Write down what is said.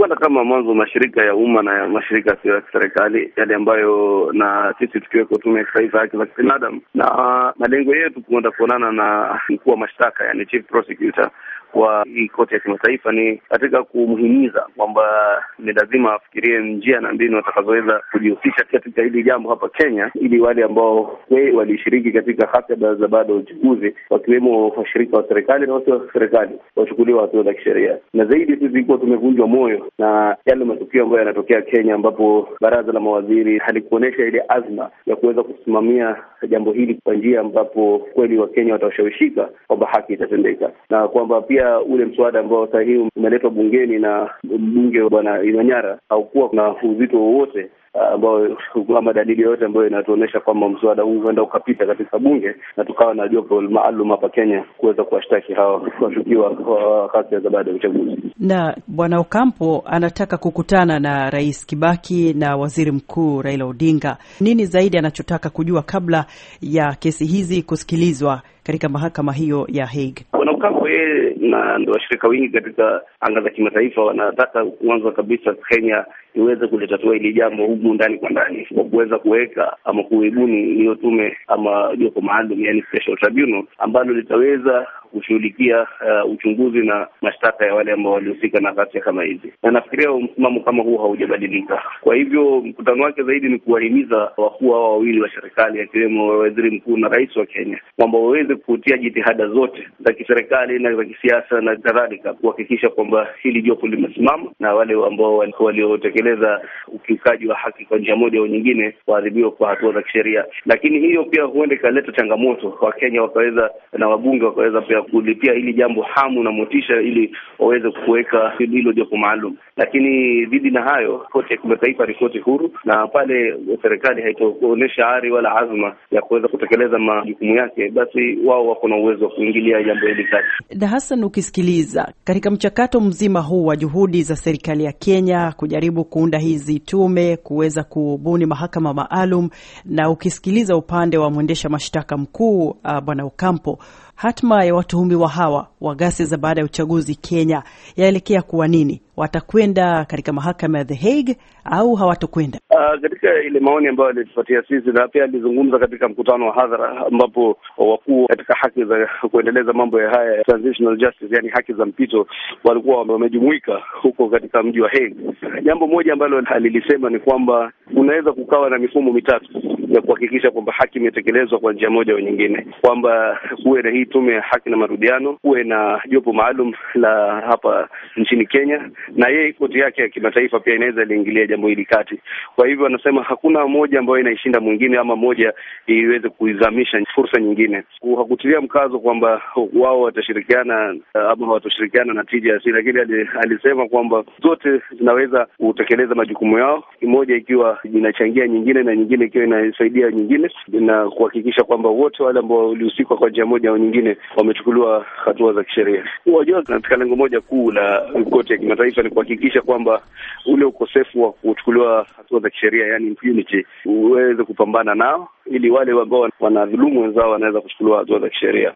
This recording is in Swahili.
kwenda kama mwanzo, mashirika ya umma na mashirika yasiyo ya kiserikali yale ambayo, na sisi tukiweko Tume ya Kitaifa ya Haki za Kibinadamu, na malengo yetu kuenda kuonana na mkuu wa mashtaka, yani chief prosecutor kwa hii koti ya kimataifa ni katika kumhimiza kwamba ni lazima afikirie njia na mbinu atakazoweza kujihusisha katika hili jambo hapa Kenya, ili wale ambao we walishiriki katika hasia za baada ya uchaguzi, wakiwemo washirika wa serikali na wasio wa serikali, wachukuliwa hatua za kisheria. Na zaidi sisi kuwa tumevunjwa moyo na yale matukio ambayo yanatokea Kenya, ambapo baraza la mawaziri halikuonyesha ile azma ya kuweza kusimamia jambo hili kwa njia ambapo kweli Wakenya watashawishika kwamba haki itatendeka, na kwamba pia ule mswada ambao sahihi umeletwa bungeni na mbunge Bwana Imanyara haukuwa na uzito wowote Uh, ambayo ama dalili yoyote ambayo inatuonyesha kwamba mswada huu huenda ukapita katika bunge na tukawa na jopo maalum hapa Kenya kuweza kuwashtaki hawa washukiwa kwa za baada ya uchaguzi. Na bwana Okampo anataka kukutana na Rais Kibaki na Waziri Mkuu Raila Odinga. Nini zaidi anachotaka kujua kabla ya kesi hizi kusikilizwa? katika mahakama hiyo ya Hague. Wanamgambo yeye na ndio washirika wengi katika anga za kimataifa wanataka kwanza kabisa Kenya iweze kulitatua hili jambo humu ndani kwa ndani kwa kuweza kuweka ama kuibuni hiyo tume ama jopo maalum, yani special tribunal ambalo litaweza kushughulikia uh, uchunguzi na mashtaka ya wale ambao walihusika na ghasia kama hizi, na nafikiria msimamo kama huu haujabadilika. Kwa hivyo mkutano wake zaidi ni kuwahimiza wakuu hawa wawili wa serikali, akiwemo waziri mkuu na rais wa Kenya, kwamba waweze kutia jitihada zote za kiserikali na za kisiasa na kadhalika, kuhakikisha kwamba hili jopo limesimama na wale ambao waliotekeleza ukiukaji wa haki kwa njia moja au nyingine waadhibiwa kwa hatua za kisheria. Lakini hiyo pia huenda ikaleta changamoto, Wakenya wakaweza na wabunge wakaweza pia ya kulipia hili jambo hamu na motisha, ili waweze kuweka hilo jopo maalum. Lakini dhidi na hayo, ripoti ya kimataifa, ripoti huru, na pale serikali haitoonyesha ari wala azma ya kuweza kutekeleza majukumu yake, basi wao wako na uwezo wa kuingilia jambo hili kati. Da Hassan, ukisikiliza katika mchakato mzima huu wa juhudi za serikali ya Kenya kujaribu kuunda hizi tume, kuweza kubuni mahakama maalum, na ukisikiliza upande wa mwendesha mashtaka mkuu uh, Bwana Okampo, hatma ya watu watuhumiwa hawa wa ghasia za baada ya uchaguzi Kenya yaelekea kuwa nini? Watakwenda katika mahakama ya The Hague au hawatokwenda Uh, ah, katika ile maoni ambayo alitupatia sisi na pia alizungumza katika mkutano wa hadhara ambapo wakuu katika haki za kuendeleza mambo ya haya transitional justice, yani haki za mpito, walikuwa wamejumuika huko katika mji wa Hague. Jambo moja ambalo alilisema ni kwamba kunaweza kukawa na mifumo mitatu ya kuhakikisha kwamba haki imetekelezwa kwa njia moja au nyingine, kwamba kuwe na hii tume ya haki na marudiano, kuwe na jopo maalum la hapa nchini Kenya, na yeye koti yake ya kimataifa pia inaweza liingilia jambo hili kati. Kwa hivyo anasema hakuna moja ambayo inaishinda mwingine ama moja iweze kuizamisha fursa nyingine. Hakutilia mkazo kwamba wao watashirikiana eh, ama hawatashirikiana na TJRC, lakini alisema kwamba zote zinaweza kutekeleza majukumu yao, moja ikiwa inachangia nyingine na nyingine ikiwa ina kusaidia nyingine na kuhakikisha kwamba wote wale ambao walihusikwa kwa njia moja au nyingine wamechukuliwa hatua za kisheria. Wajua, katika lengo moja kuu la koti ya kimataifa ni kuhakikisha kwamba ule ukosefu wa kuchukuliwa hatua za kisheria, yani impunity, uweze kupambana nao, ili wale ambao wanadhulumu wenzao wanaweza kuchukuliwa hatua za kisheria.